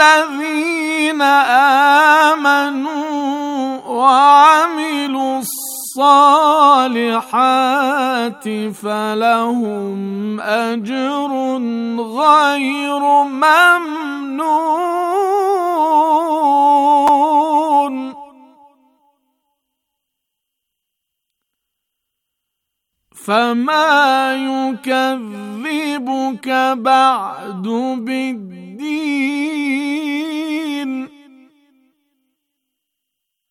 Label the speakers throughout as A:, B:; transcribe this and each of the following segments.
A: الذين امنوا وعملوا الصالحات فلهم اجر غير ممنون فما يكذبك بعد بالدين الدين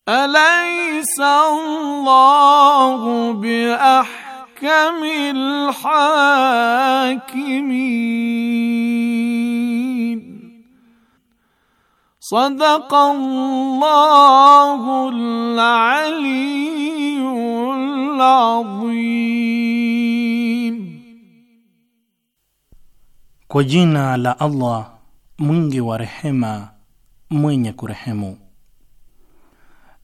A: أليس الله بأحكم الحاكمين صدق الله العلي العظيم.
B: Kwa jina la Allah mwingi wa rehema, mwenye kurehemu.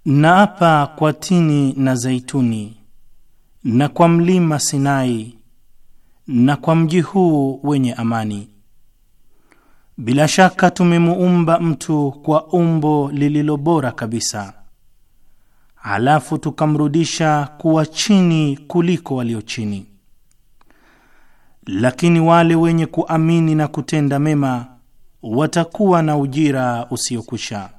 B: Naapa kwa tini na zaituni na kwa mlima Sinai na kwa mji huu wenye amani. Bila shaka tumemuumba mtu kwa umbo lililo bora kabisa, alafu tukamrudisha kuwa chini kuliko walio chini. Lakini wale wenye kuamini na kutenda mema watakuwa na ujira usiokwisha.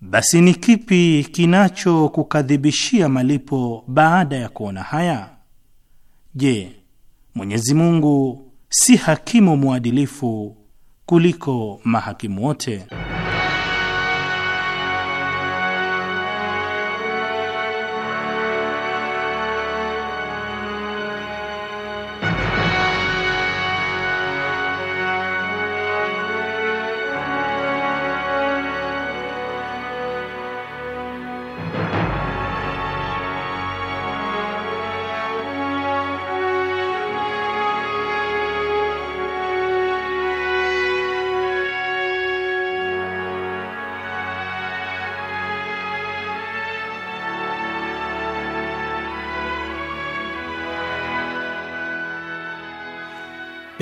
B: Basi ni kipi kinachokukadhibishia malipo baada ya kuona haya? Je, Mwenyezi Mungu si hakimu mwadilifu kuliko mahakimu wote?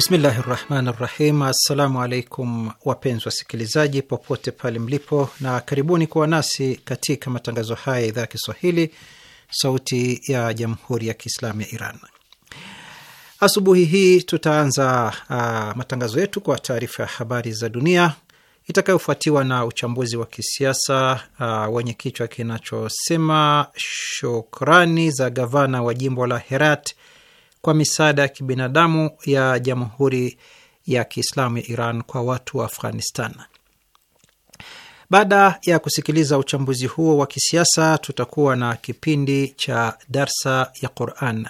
C: Bismillahi rahmani rahim. Assalamu alaikum wapenzi wasikilizaji popote pale mlipo, na karibuni kuwa nasi katika matangazo haya ya idhaa ya Kiswahili, Sauti ya Jamhuri ya Kiislamu ya Iran. Asubuhi hii tutaanza uh, matangazo yetu kwa taarifa ya habari za dunia itakayofuatiwa na uchambuzi wa kisiasa uh, wenye kichwa kinachosema shukrani za gavana wa jimbo la Herat kwa misaada ya kibinadamu ya Jamhuri ya Kiislamu ya Iran kwa watu wa Afghanistan. Baada ya kusikiliza uchambuzi huo wa kisiasa, tutakuwa na kipindi cha darsa ya Quran.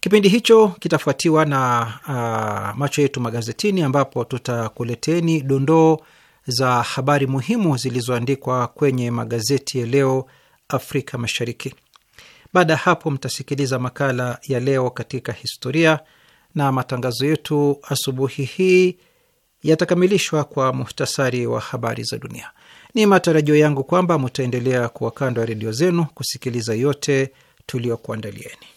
C: Kipindi hicho kitafuatiwa na uh, macho yetu magazetini, ambapo tutakuleteni dondoo za habari muhimu zilizoandikwa kwenye magazeti ya leo Afrika Mashariki. Baada ya hapo, mtasikiliza makala ya leo katika historia, na matangazo yetu asubuhi hii yatakamilishwa kwa muhtasari wa habari za dunia. Ni matarajio yangu kwamba mtaendelea kuwa kando ya redio zenu kusikiliza yote tuliyokuandalieni.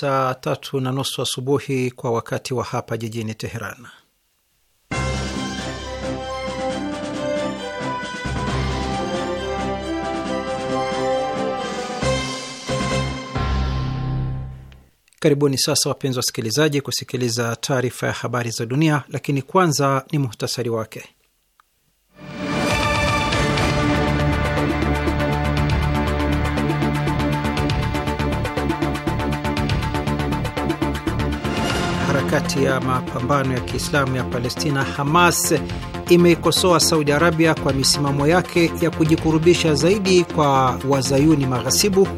C: saa tatu na nusu asubuhi kwa wakati wa hapa jijini Teheran. Karibuni sasa wapenzi wasikilizaji, kusikiliza taarifa ya habari za dunia, lakini kwanza ni muhtasari wake. kati ya mapambano ya Kiislamu ya Palestina, Hamas imeikosoa Saudi Arabia kwa misimamo yake ya kujikurubisha zaidi kwa wazayuni maghasibu.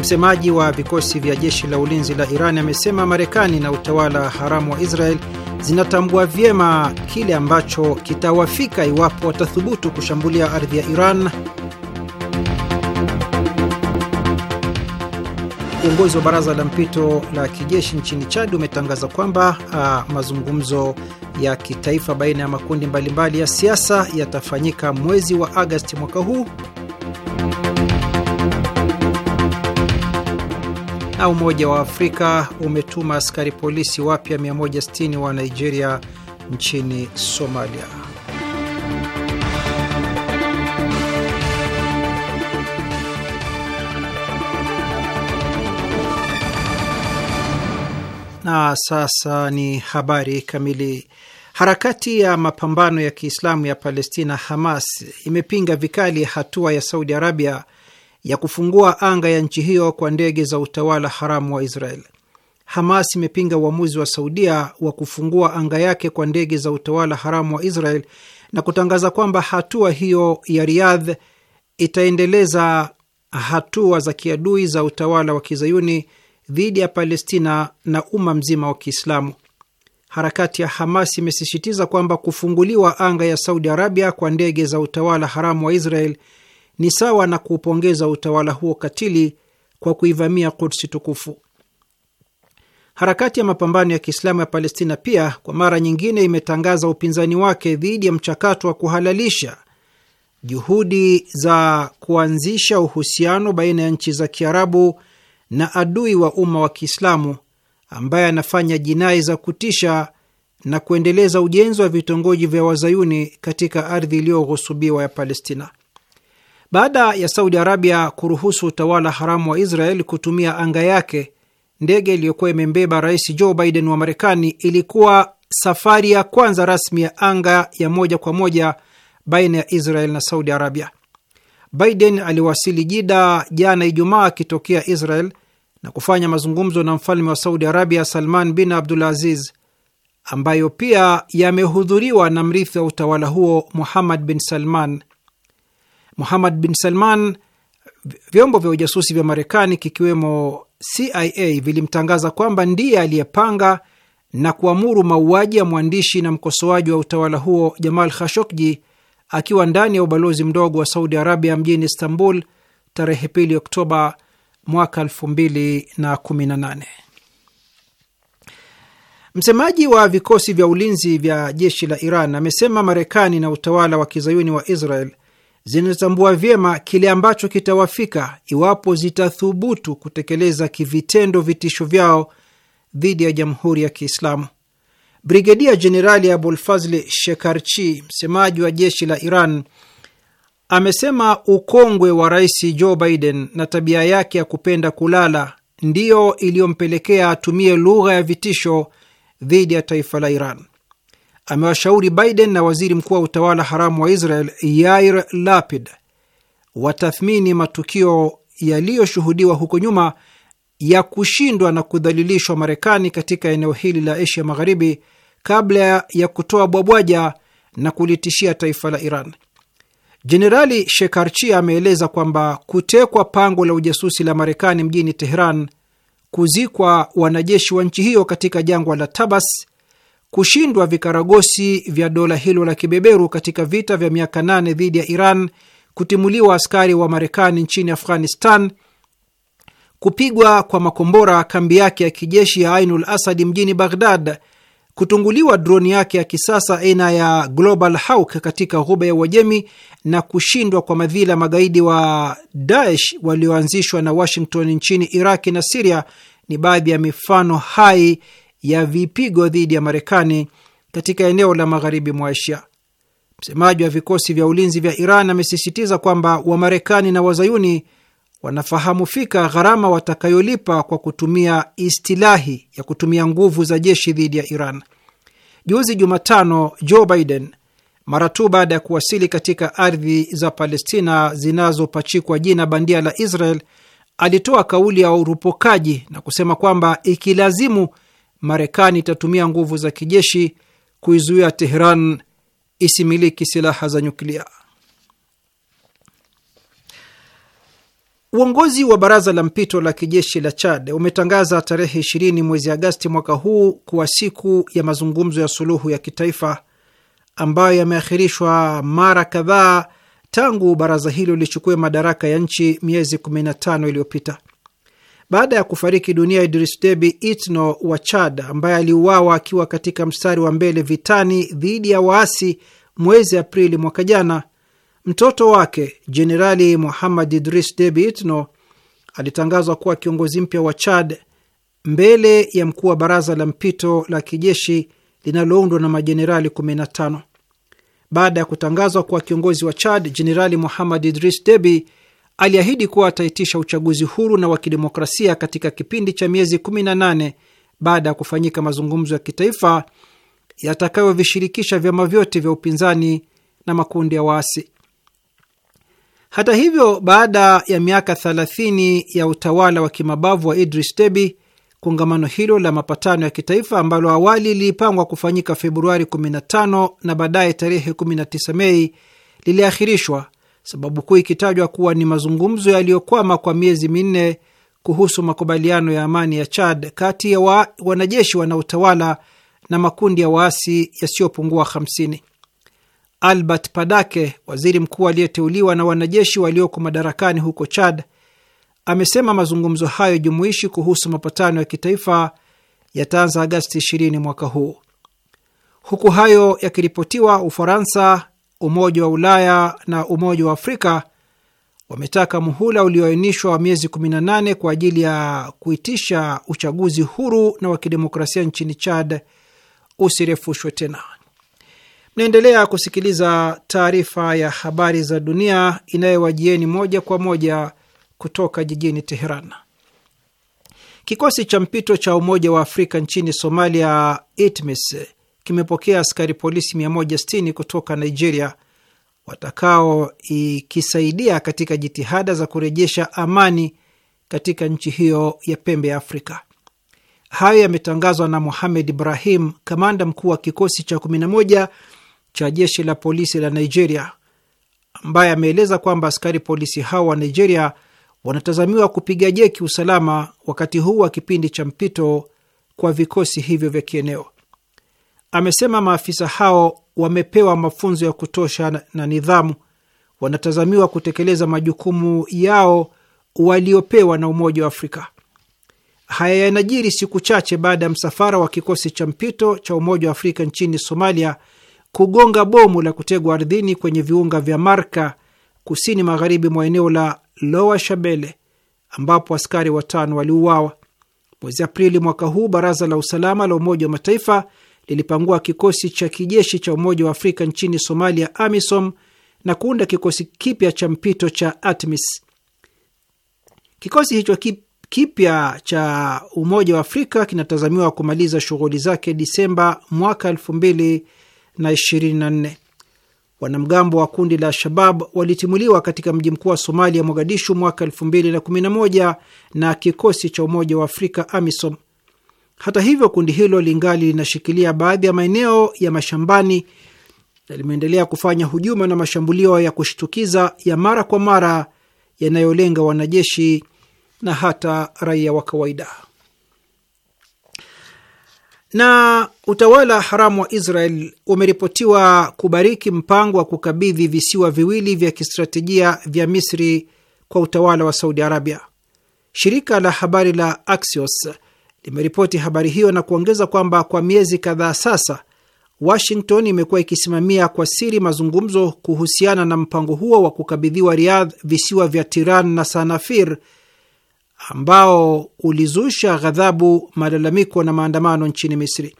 C: Msemaji wa vikosi vya jeshi la ulinzi la Iran amesema Marekani na utawala haramu wa Israel zinatambua vyema kile ambacho kitawafika iwapo watathubutu kushambulia ardhi ya Iran. Uongozi wa baraza la mpito la kijeshi nchini Chad umetangaza kwamba ah, mazungumzo ya kitaifa baina ya makundi mbalimbali ya siasa yatafanyika mwezi wa Agasti mwaka huu. Na Umoja wa Afrika umetuma askari polisi wapya 160 wa Nigeria nchini Somalia. Na sasa ni habari kamili. Harakati ya mapambano ya Kiislamu ya Palestina, Hamas, imepinga vikali hatua ya Saudi Arabia ya kufungua anga ya nchi hiyo kwa ndege za utawala haramu wa Israel. Hamas imepinga uamuzi wa Saudia wa kufungua anga yake kwa ndege za utawala haramu wa Israel na kutangaza kwamba hatua hiyo ya Riyadh itaendeleza hatua za kiadui za utawala wa kizayuni dhidi ya Palestina na umma mzima wa Kiislamu. Harakati ya Hamas imesisitiza kwamba kufunguliwa anga ya Saudi Arabia kwa ndege za utawala haramu wa Israel ni sawa na kuupongeza utawala huo katili kwa kuivamia Kudsi tukufu. Harakati ya mapambano ya Kiislamu ya Palestina pia kwa mara nyingine imetangaza upinzani wake dhidi ya mchakato wa kuhalalisha juhudi za kuanzisha uhusiano baina ya nchi za Kiarabu na adui wa umma wa Kiislamu ambaye anafanya jinai za kutisha na kuendeleza ujenzi wa vitongoji vya wazayuni katika ardhi iliyoghusubiwa ya Palestina. Baada ya Saudi Arabia kuruhusu utawala haramu wa Israel kutumia anga yake, ndege iliyokuwa imembeba Rais Joe Biden wa Marekani ilikuwa safari ya kwanza rasmi ya anga ya moja kwa moja baina ya Israel na Saudi Arabia. Biden aliwasili Jida jana Ijumaa akitokea Israel na kufanya mazungumzo na mfalme wa Saudi Arabia Salman bin Abdulaziz, ambayo pia yamehudhuriwa na mrithi wa utawala huo Muhammad bin Salman. Muhammad bin Salman, vyombo vya ujasusi vya Marekani kikiwemo CIA vilimtangaza kwamba ndiye aliyepanga na kuamuru mauaji ya mwandishi na mkosoaji wa utawala huo Jamal Khashoggi akiwa ndani ya ubalozi mdogo wa Saudi Arabia mjini Istanbul tarehe pili Oktoba mwaka 2018. Msemaji wa vikosi vya ulinzi vya jeshi la Iran amesema Marekani na utawala wa kizayuni wa Israel zinatambua vyema kile ambacho kitawafika iwapo zitathubutu kutekeleza kivitendo vitisho vyao dhidi ya jamhuri ya Kiislamu. Brigedia Jenerali Abulfazli Shekarchi, msemaji wa jeshi la Iran, amesema ukongwe wa rais Joe Biden na tabia yake ya kupenda kulala ndiyo iliyompelekea atumie lugha ya vitisho dhidi ya taifa la Iran. Amewashauri Biden na waziri mkuu wa utawala haramu wa Israel Yair Lapid watathmini matukio yaliyoshuhudiwa huko nyuma ya kushindwa na kudhalilishwa Marekani katika eneo hili la Asia Magharibi kabla ya kutoa bwabwaja na kulitishia taifa la Iran. Jenerali Shekarchi ameeleza kwamba kutekwa pango la ujasusi la Marekani mjini Teheran, kuzikwa wanajeshi wa nchi hiyo katika jangwa la Tabas, kushindwa vikaragosi vya dola hilo la kibeberu katika vita vya miaka nane dhidi ya Iran, kutimuliwa askari wa Marekani nchini Afghanistan, kupigwa kwa makombora kambi yake ya kijeshi ya Ainul Asadi mjini Baghdad kutunguliwa droni yake ya kisasa aina ya Global Hawk katika ghuba ya Uajemi na kushindwa kwa madhila magaidi wa Daesh walioanzishwa na Washington nchini iraqi na Siria ni baadhi ya mifano hai ya vipigo dhidi ya Marekani katika eneo la magharibi mwa Asia. Msemaji wa vikosi vya ulinzi vya Iran amesisitiza kwamba Wamarekani na Wazayuni wanafahamu fika gharama watakayolipa kwa kutumia istilahi ya kutumia nguvu za jeshi dhidi ya Iran. Juzi Jumatano, Joe Biden mara tu baada ya kuwasili katika ardhi za Palestina zinazopachikwa jina bandia la Israel alitoa kauli ya urupokaji na kusema kwamba ikilazimu, Marekani itatumia nguvu za kijeshi kuizuia Teheran isimiliki silaha za nyuklia. Uongozi wa baraza la mpito la kijeshi la Chad umetangaza tarehe 20 mwezi Agasti mwaka huu kuwa siku ya mazungumzo ya suluhu ya kitaifa ambayo yameahirishwa mara kadhaa tangu baraza hilo lichukue madaraka ya nchi miezi 15 iliyopita baada ya kufariki dunia Idris Deby Itno wa Chad ambaye aliuawa akiwa katika mstari wa mbele vitani dhidi ya waasi mwezi Aprili mwaka jana. Mtoto wake Jenerali Muhammad Idris Deby Itno alitangazwa kuwa kiongozi mpya wa Chad mbele ya mkuu wa baraza la mpito la kijeshi linaloundwa na majenerali 15. Baada ya kutangazwa kuwa kiongozi wa Chad, Jenerali Muhammad Idris Deby aliahidi kuwa ataitisha uchaguzi huru na wa kidemokrasia katika kipindi cha miezi 18 baada ya kufanyika mazungumzo ya kitaifa yatakayovishirikisha vyama vyote vya upinzani na makundi ya waasi. Hata hivyo, baada ya miaka 30 ya utawala wa kimabavu wa Idris Deby, kongamano hilo la mapatano ya kitaifa ambalo awali lilipangwa kufanyika Februari 15 na baadaye tarehe 19 Mei liliahirishwa, sababu kuu ikitajwa kuwa ni mazungumzo yaliyokwama kwa miezi minne kuhusu makubaliano ya amani ya Chad kati ya wa, wanajeshi wanaotawala na makundi ya waasi yasiyopungua 50. Albert Padake, waziri mkuu aliyeteuliwa na wanajeshi walioko madarakani huko Chad, amesema mazungumzo hayo jumuishi kuhusu mapatano ya kitaifa yataanza Agasti 20 mwaka huu. Huku hayo yakiripotiwa, Ufaransa, Umoja wa Ulaya na Umoja wa Afrika wametaka muhula ulioainishwa wa miezi 18 kwa ajili ya kuitisha uchaguzi huru na wa kidemokrasia nchini Chad usirefushwe tena. Mnaendelea kusikiliza taarifa ya habari za dunia inayowajieni moja kwa moja kutoka jijini Teheran. Kikosi cha mpito cha Umoja wa Afrika nchini Somalia, ITMIS, kimepokea askari polisi 160 kutoka Nigeria watakaoikisaidia katika jitihada za kurejesha amani katika nchi hiyo ya pembe ya Afrika. Hayo yametangazwa na Mohamed Ibrahim, kamanda mkuu wa kikosi cha cha jeshi la polisi la Nigeria, ambaye ameeleza kwamba askari polisi hao wa Nigeria wanatazamiwa kupiga jeki usalama wakati huu wa kipindi cha mpito kwa vikosi hivyo vya kieneo. Amesema maafisa hao wamepewa mafunzo ya kutosha na nidhamu, wanatazamiwa kutekeleza majukumu yao waliopewa na Umoja wa Afrika. Haya yanajiri siku chache baada ya msafara wa kikosi cha mpito cha Umoja wa Afrika nchini Somalia kugonga bomu la kutegwa ardhini kwenye viunga vya Marka kusini magharibi mwa eneo la Loa Shabele, ambapo askari watano waliuawa. Mwezi Aprili mwaka huu, baraza la usalama la Umoja wa Mataifa lilipangua kikosi cha kijeshi cha Umoja wa Afrika nchini Somalia, AMISOM, na kuunda kikosi kipya cha mpito cha ATMIS. Kikosi hicho kipya cha Umoja wa Afrika kinatazamiwa kumaliza shughuli zake Disemba mwaka elfu mbili na 24. Wanamgambo wa kundi la Shabab walitimuliwa katika mji mkuu wa Somalia, Mogadishu, mwaka 2011 na kikosi cha Umoja wa Afrika, AMISOM. Hata hivyo, kundi hilo lingali linashikilia baadhi ya maeneo ya mashambani na limeendelea kufanya hujuma na mashambulio ya kushtukiza ya mara kwa mara yanayolenga wanajeshi na hata raia wa kawaida. Na utawala haramu wa Israel umeripotiwa kubariki mpango wa kukabidhi visiwa viwili vya kistratejia vya Misri kwa utawala wa Saudi Arabia. Shirika la habari la Axios limeripoti habari hiyo na kuongeza kwamba kwa miezi kadhaa sasa Washington imekuwa ikisimamia kwa siri mazungumzo kuhusiana na mpango huo wa kukabidhiwa Riyadh visiwa vya Tiran na Sanafir ambao ulizusha ghadhabu, malalamiko na maandamano nchini Misri.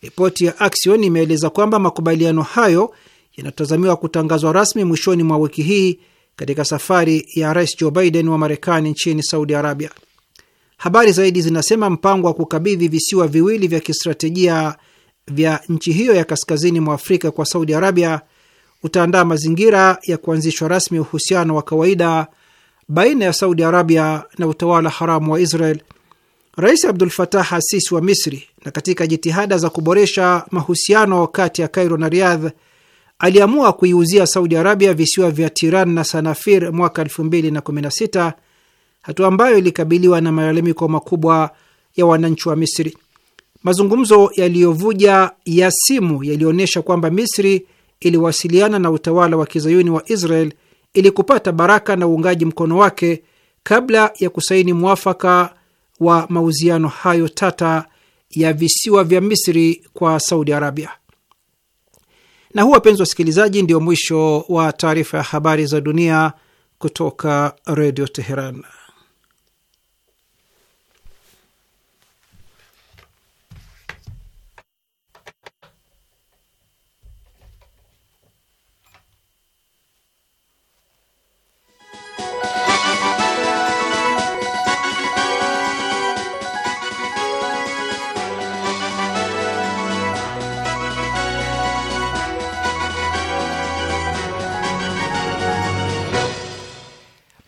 C: Ripoti ya Axion imeeleza kwamba makubaliano hayo yanatazamiwa kutangazwa rasmi mwishoni mwa wiki hii katika safari ya Rais Joe Biden wa Marekani nchini Saudi Arabia. Habari zaidi zinasema mpango wa kukabidhi visiwa viwili vya kistratejia vya nchi hiyo ya kaskazini mwa Afrika kwa Saudi Arabia utaandaa mazingira ya kuanzishwa rasmi uhusiano wa kawaida baina ya Saudi Arabia na utawala haramu wa Israel. Rais Abdul Fatah Asisi wa Misri, na katika jitihada za kuboresha mahusiano kati ya Kairo na Riyadh, aliamua kuiuzia Saudi Arabia visiwa vya Tiran na Sanafir mwaka 2016, hatua ambayo ilikabiliwa na malalamiko makubwa ya wananchi wa Misri. Mazungumzo yaliyovuja ya simu yalionyesha kwamba Misri iliwasiliana na utawala wa kizayuni wa Israel ili kupata baraka na uungaji mkono wake kabla ya kusaini mwafaka wa mauziano hayo tata ya visiwa vya Misri kwa Saudi Arabia. Na huu, wapenzi wasikilizaji, ndio mwisho wa taarifa ya habari za dunia kutoka Redio Teheran.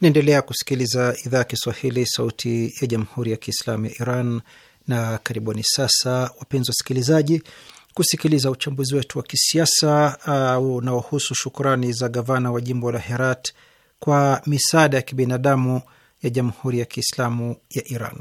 C: Naendelea kusikiliza idhaa ya Kiswahili, sauti ya jamhuri ya kiislamu ya Iran. Na karibuni sasa, wapenzi wasikilizaji, kusikiliza uchambuzi wetu wa kisiasa uh, unaohusu uh, shukurani za gavana wa jimbo la Herat kwa misaada ya kibinadamu ya jamhuri ya kiislamu ya Iran.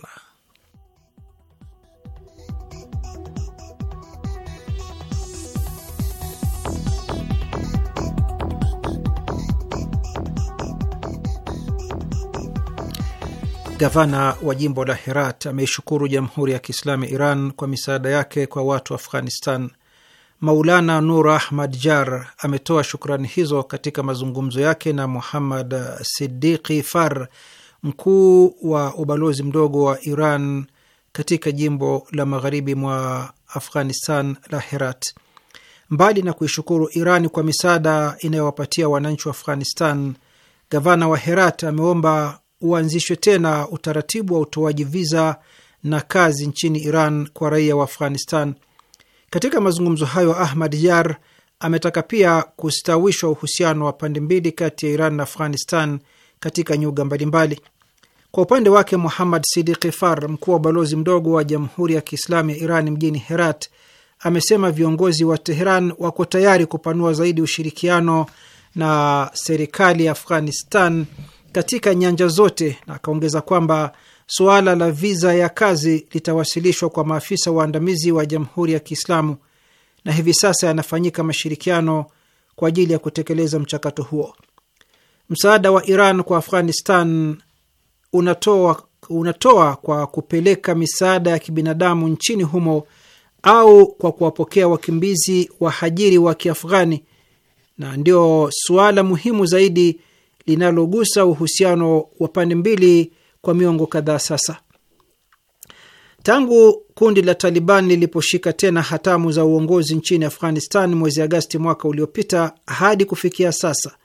C: Gavana wa jimbo la Herat ameishukuru Jamhuri ya Kiislamu Iran kwa misaada yake kwa watu wa Afghanistan. Maulana Nur Ahmad Jar ametoa shukrani hizo katika mazungumzo yake na Muhammad Sidiki Far, mkuu wa ubalozi mdogo wa Iran katika jimbo la magharibi mwa Afghanistan la Herat. Mbali na kuishukuru Irani kwa misaada inayowapatia wananchi wa Afghanistan, gavana wa Herat ameomba uanzishwe tena utaratibu wa utoaji viza na kazi nchini Iran kwa raia wa Afghanistan. Katika mazungumzo hayo, Ahmad Yar ametaka pia kustawishwa uhusiano wa pande mbili kati ya Iran na Afghanistan katika nyuga mbalimbali. Kwa upande wake, Muhammad Sidiki Far, mkuu wa balozi mdogo wa Jamhuri ya Kiislamu ya Iran mjini Herat, amesema viongozi wa Teheran wako tayari kupanua zaidi ushirikiano na serikali ya Afghanistan katika nyanja zote, na akaongeza kwamba suala la viza ya kazi litawasilishwa kwa maafisa waandamizi wa Jamhuri ya Kiislamu na hivi sasa yanafanyika mashirikiano kwa ajili ya kutekeleza mchakato huo. Msaada wa Iran kwa Afghanistan unatoa, unatoa kwa kupeleka misaada ya kibinadamu nchini humo au kwa kuwapokea wakimbizi wahajiri wa Kiafghani, na ndio suala muhimu zaidi linalogusa uhusiano wa pande mbili kwa miongo kadhaa sasa. Tangu kundi la Taliban liliposhika tena hatamu za uongozi nchini Afghanistan mwezi Agasti mwaka uliopita hadi kufikia sasa,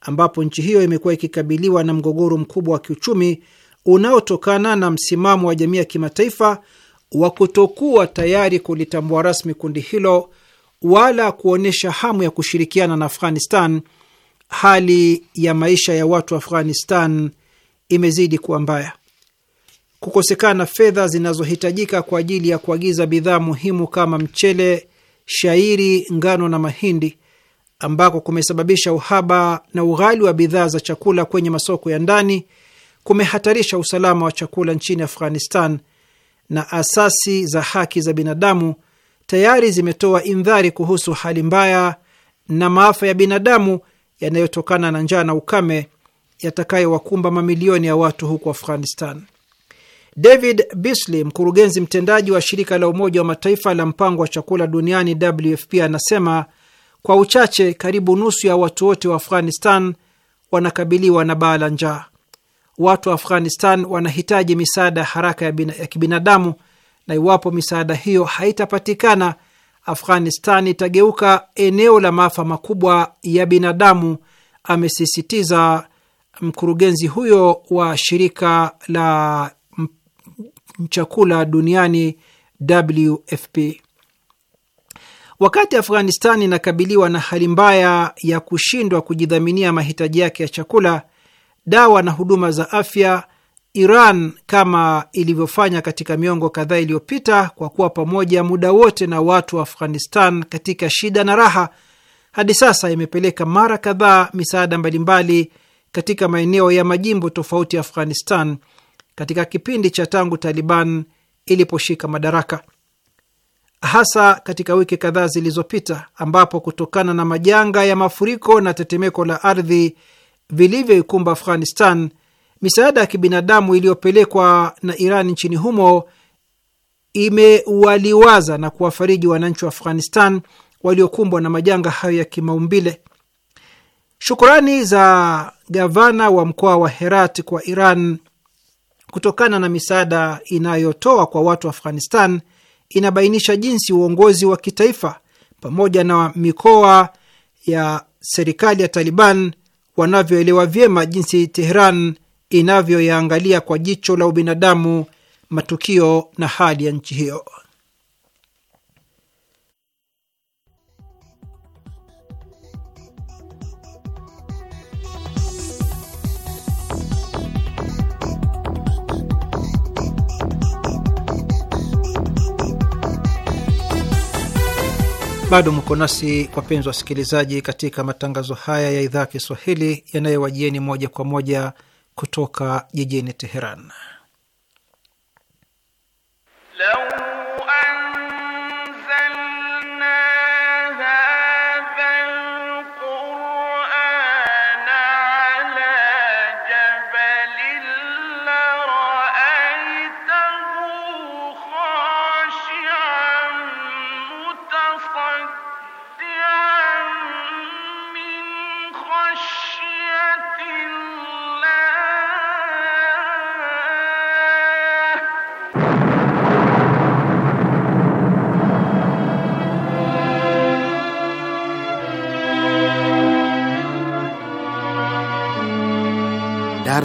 C: ambapo nchi hiyo imekuwa ikikabiliwa na mgogoro mkubwa wa kiuchumi unaotokana na msimamo wa jamii ya kimataifa wa kutokuwa tayari kulitambua rasmi kundi hilo wala kuonyesha hamu ya kushirikiana na Afghanistan hali ya maisha ya watu Afghanistan imezidi kuwa mbaya. Kukosekana fedha zinazohitajika kwa ajili ya kuagiza bidhaa muhimu kama mchele, shairi, ngano na mahindi, ambako kumesababisha uhaba na ughali wa bidhaa za chakula kwenye masoko ya ndani, kumehatarisha usalama wa chakula nchini Afghanistan, na asasi za haki za binadamu tayari zimetoa indhari kuhusu hali mbaya na maafa ya binadamu yanayotokana na njaa na ukame yatakayowakumba mamilioni ya watu huko Afghanistan. David Beasley, mkurugenzi mtendaji wa shirika la Umoja wa Mataifa la mpango wa chakula duniani WFP, anasema kwa uchache, karibu nusu ya watu wote wa Afghanistan wanakabiliwa na baa la njaa. Watu wa Afghanistan wanahitaji misaada haraka ya, ya kibinadamu na iwapo misaada hiyo haitapatikana Afghanistan itageuka eneo la maafa makubwa ya binadamu, amesisitiza mkurugenzi huyo wa shirika la chakula duniani WFP. Wakati Afghanistan inakabiliwa na hali mbaya ya kushindwa kujidhaminia mahitaji yake ya chakula, dawa na huduma za afya Iran kama ilivyofanya katika miongo kadhaa iliyopita kwa kuwa pamoja muda wote na watu wa Afghanistan katika shida na raha, hadi sasa imepeleka mara kadhaa misaada mbalimbali katika maeneo ya majimbo tofauti ya Afghanistan katika kipindi cha tangu Taliban iliposhika madaraka, hasa katika wiki kadhaa zilizopita, ambapo kutokana na majanga ya mafuriko na tetemeko la ardhi vilivyoikumba Afghanistan Misaada ya kibinadamu iliyopelekwa na Iran nchini humo imewaliwaza na kuwafariji wananchi wa Afghanistan waliokumbwa na majanga hayo ya kimaumbile. Shukurani za gavana wa mkoa wa Herat kwa Iran kutokana na misaada inayotoa kwa watu wa Afghanistan inabainisha jinsi uongozi wa kitaifa pamoja na mikoa ya serikali ya Taliban wanavyoelewa vyema jinsi Teheran inavyoyaangalia kwa jicho la ubinadamu matukio na hali ya nchi hiyo. Bado mko nasi wapenzi wasikilizaji, katika matangazo haya ya idhaa ya Kiswahili yanayowajieni moja kwa moja kutoka jijini Teheran.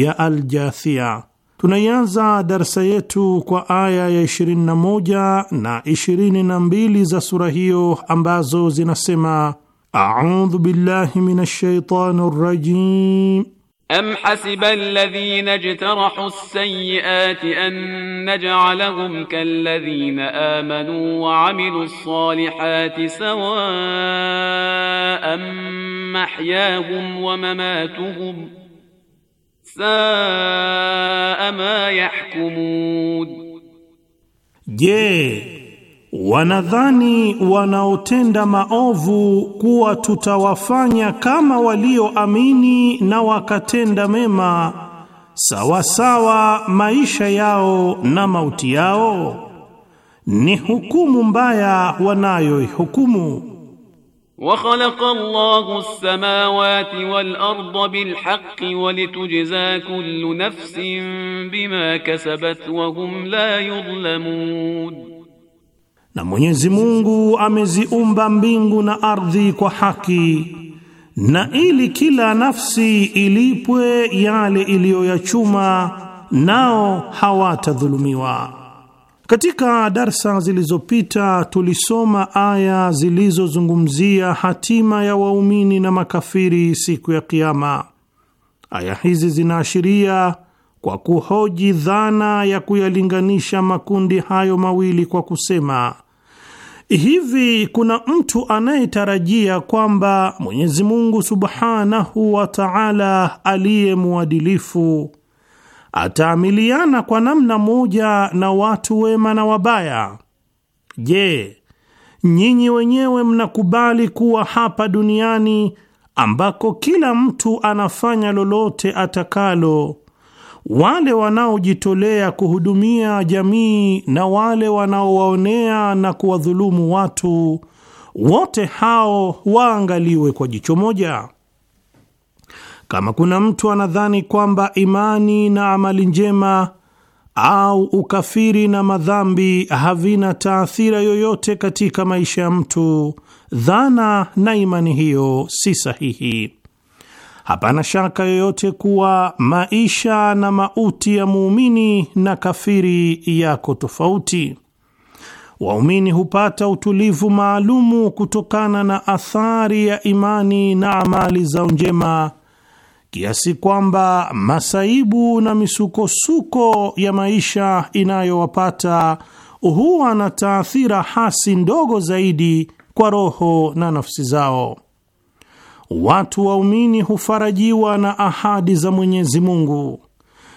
B: ya Aljathia. Tunaianza darsa yetu kwa aya ya 21 na 22 za sura hiyo ambazo zinasema: audhu billahi minash shaitani rajim
D: am hasiba alladhina jtarahu sayyiati an naj'alahum kalladhina amanu wa amilu ssalihati sawa'an mahyahum wa mamatuhum saa ma yahkumud,
B: Je, wanadhani wanaotenda maovu kuwa tutawafanya kama walioamini na wakatenda mema sawasawa maisha yao na mauti yao? Ni hukumu mbaya wanayoihukumu.
D: وخلق الله السماوات والأرض بالحق ولتجزى كل نفس بما كسبت وهم la yudhlamun,
B: na Mwenyezi Mungu ameziumba mbingu na ardhi kwa haki na ili kila nafsi ilipwe yale iliyoyachuma, nao hawatadhulumiwa. Katika darsa zilizopita tulisoma aya zilizozungumzia hatima ya waumini na makafiri siku ya Kiama. Aya hizi zinaashiria kwa kuhoji dhana ya kuyalinganisha makundi hayo mawili kwa kusema hivi, kuna mtu anayetarajia kwamba Mwenyezi Mungu subhanahu wa taala aliye mwadilifu ataamiliana kwa namna moja na watu wema na wabaya. Je, nyinyi wenyewe mnakubali kuwa hapa duniani ambako kila mtu anafanya lolote atakalo, wale wanaojitolea kuhudumia jamii na wale wanaowaonea na kuwadhulumu watu, wote hao waangaliwe kwa jicho moja? Kama kuna mtu anadhani kwamba imani na amali njema au ukafiri na madhambi havina taathira yoyote katika maisha ya mtu, dhana na imani hiyo si sahihi. Hapana shaka yoyote kuwa maisha na mauti ya muumini na kafiri yako tofauti. Waumini hupata utulivu maalumu kutokana na athari ya imani na amali zao njema kiasi kwamba masaibu na misukosuko ya maisha inayowapata huwa na taathira hasi ndogo zaidi kwa roho na nafsi zao. Watu waumini hufarajiwa na ahadi za Mwenyezi Mungu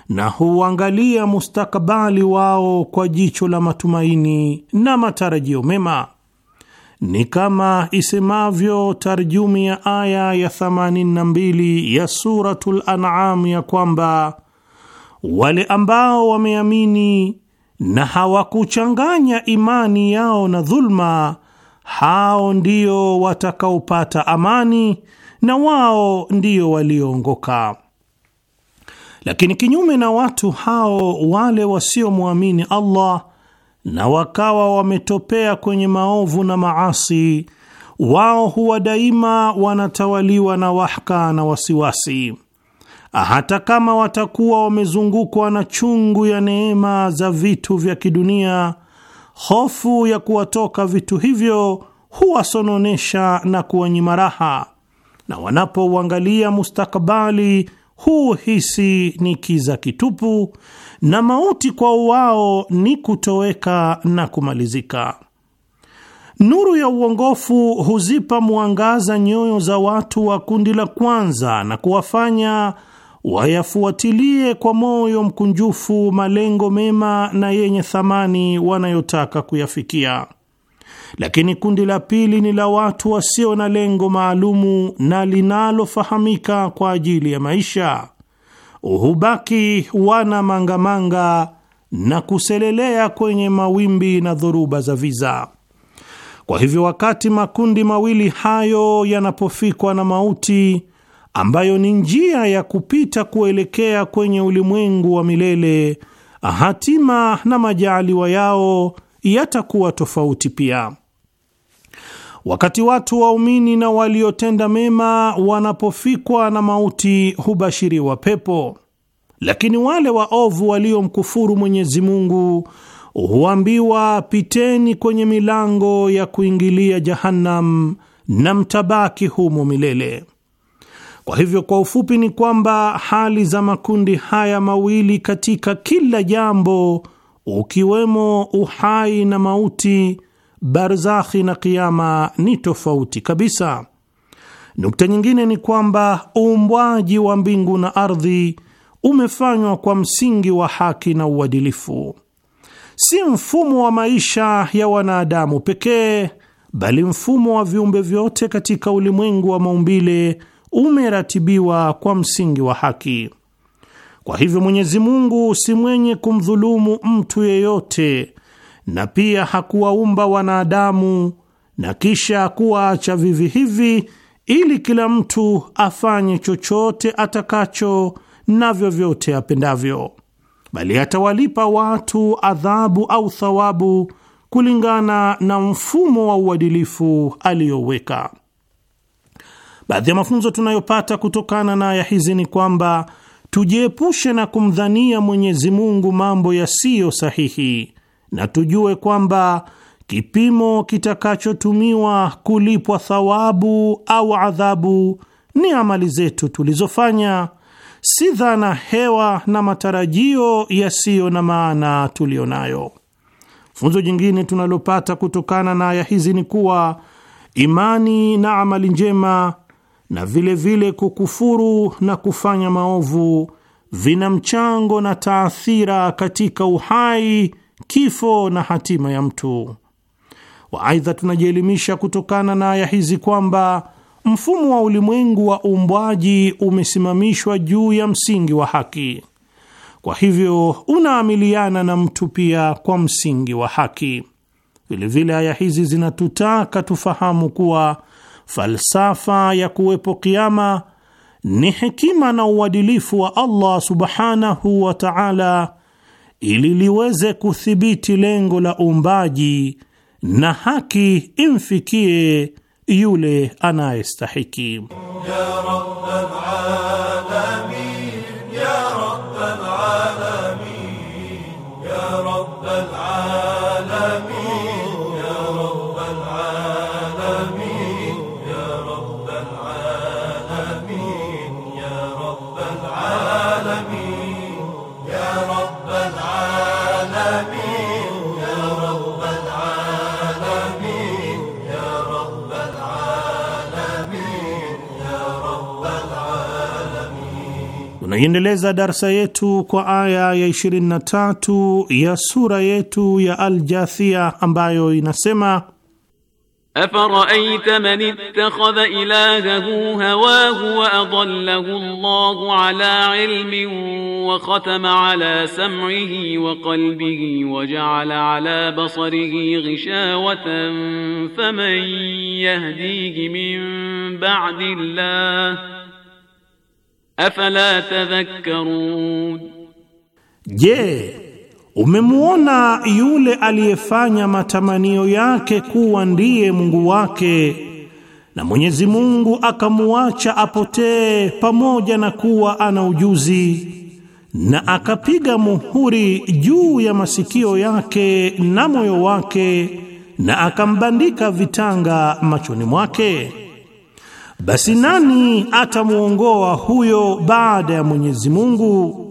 B: na huangalia mustakabali wao kwa jicho la matumaini na matarajio mema ni kama isemavyo tarjumi ya aya ya 82 ya Suratul An'am ya kwamba wale ambao wameamini na hawakuchanganya imani yao na dhulma, hao ndio watakaopata amani na wao ndio walioongoka. Lakini kinyume na watu hao, wale wasiomwamini Allah na wakawa wametopea kwenye maovu na maasi, wao huwa daima wanatawaliwa na wahka na wasiwasi, hata kama watakuwa wamezungukwa na chungu ya neema za vitu vya kidunia. Hofu ya kuwatoka vitu hivyo huwasononesha na kuwanyima raha, na wanapouangalia mustakabali hisi ni kiza kitupu na mauti kwa wao ni kutoweka na kumalizika. Nuru ya uongofu huzipa mwangaza nyoyo za watu wa kundi la kwanza na kuwafanya wayafuatilie kwa moyo mkunjufu malengo mema na yenye thamani wanayotaka kuyafikia. Lakini kundi la pili ni la watu wasio na lengo maalumu na linalofahamika kwa ajili ya maisha hubaki wana mangamanga na kuselelea kwenye mawimbi na dhoruba za viza. Kwa hivyo, wakati makundi mawili hayo yanapofikwa na mauti ambayo ni njia ya kupita kuelekea kwenye ulimwengu wa milele, hatima na majaaliwa yao yatakuwa tofauti pia. Wakati watu waumini na waliotenda mema wanapofikwa na mauti hubashiriwa pepo, lakini wale waovu waliomkufuru Mwenyezi Mungu huambiwa piteni kwenye milango ya kuingilia Jahannam na mtabaki humo milele. Kwa hivyo, kwa ufupi ni kwamba hali za makundi haya mawili katika kila jambo, ukiwemo uhai na mauti barzakhi na kiama ni tofauti kabisa. Nukta nyingine ni kwamba uumbwaji wa mbingu na ardhi umefanywa kwa msingi wa haki na uadilifu, si mfumo wa maisha ya wanadamu pekee, bali mfumo wa viumbe vyote katika ulimwengu wa maumbile umeratibiwa kwa msingi wa haki. Kwa hivyo Mwenyezi Mungu si mwenye kumdhulumu mtu yeyote na pia hakuwaumba wanadamu na kisha kuwaacha vivi hivi ili kila mtu afanye chochote atakacho na vyovyote apendavyo, bali atawalipa watu adhabu au thawabu kulingana na mfumo wa uadilifu aliyoweka. Baadhi ya mafunzo tunayopata kutokana na aya hizi ni kwamba tujiepushe na kumdhania Mwenyezi Mungu mambo yasiyo sahihi na tujue kwamba kipimo kitakachotumiwa kulipwa thawabu au adhabu ni amali zetu tulizofanya, si dhana hewa na matarajio yasiyo na maana tuliyo nayo. Funzo jingine tunalopata kutokana na aya hizi ni kuwa imani na amali njema na vilevile vile kukufuru na kufanya maovu vina mchango na taathira katika uhai kifo na hatima ya mtu. Waaidha, tunajielimisha kutokana na aya hizi kwamba mfumo wa ulimwengu wa uumbwaji umesimamishwa juu ya msingi wa haki, kwa hivyo unaamiliana na mtu pia kwa msingi wa haki. Vilevile aya hizi zinatutaka tufahamu kuwa falsafa ya kuwepo kiama ni hekima na uadilifu wa Allah subhanahu wa ta'ala ili liweze kuthibiti lengo la uumbaji na haki imfikie yule anayestahiki ya Tunaiendeleza darsa yetu kwa aya ya 23 ya sura yetu ya Al-Jathia ambayo inasema
D: Afaraaita man ittakhadha ilahahu hawahu wa adallahu Allahu ala ilmin wa khatama ala sam'ihi wa qalbihi wa ja'ala ala basarihi ghishawatan faman yahdihi min ba'di Allah afala tadhakkarun,
B: je, umemuona yule aliyefanya matamanio yake kuwa ndiye Mungu wake na Mwenyezi Mungu akamuacha apotee pamoja na kuwa ana ujuzi na akapiga muhuri juu ya masikio yake na moyo wake na akambandika vitanga machoni mwake? Basi nani atamwongoa huyo baada ya Mwenyezi Mungu?